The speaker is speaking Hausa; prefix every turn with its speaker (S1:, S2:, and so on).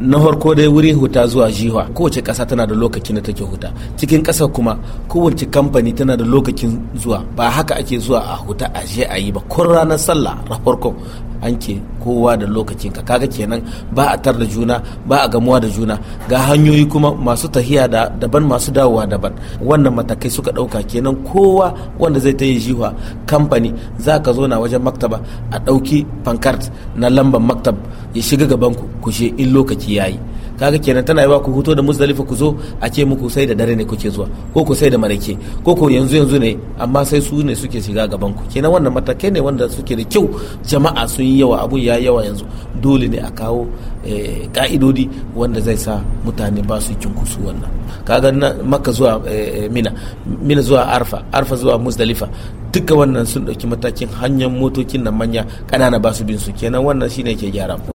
S1: na farko dai wuri huta zuwa jiwa kowace ƙasa tana da lokacin da take huta cikin ƙasa kuma kowace kamfani tana da lokacin zuwa ba haka ake zuwa a huta a je a yi ba kun ranar sallah na farko an anke kowa da lokacin ka kaga kenan ba a tar da juna ba a gamuwa da juna ga hanyoyi kuma masu tahiya da daban masu dawowa daban wannan matakai suka dauka kenan kowa wanda zai ta yi jiwa kamfani za ka zo na wajen maktaba a dauki pankart na lambar maktab ya shiga gaban ku kushe in lokaci yayi kaga kenan tana yawa ku huto da musdalifa ku zo a ce muku sai da dare ne kuke zuwa ko ku sai da marake ko ko yanzu yanzu ne amma sai su ne suke shiga gaban ku kenan wannan matakai ne wanda suke da kyau jama'a sun yi yawa abun ya yawa yanzu dole ne a kawo eh, ka'idodi wanda zai sa mutane ba su cunkusu wannan kaga maka zuwa eh, mina mina zuwa arfa arfa zuwa musdalifa duka wannan sun ɗauki matakin hanyar motokin na manya ƙanana ba su bin su kenan wannan shine ke gyara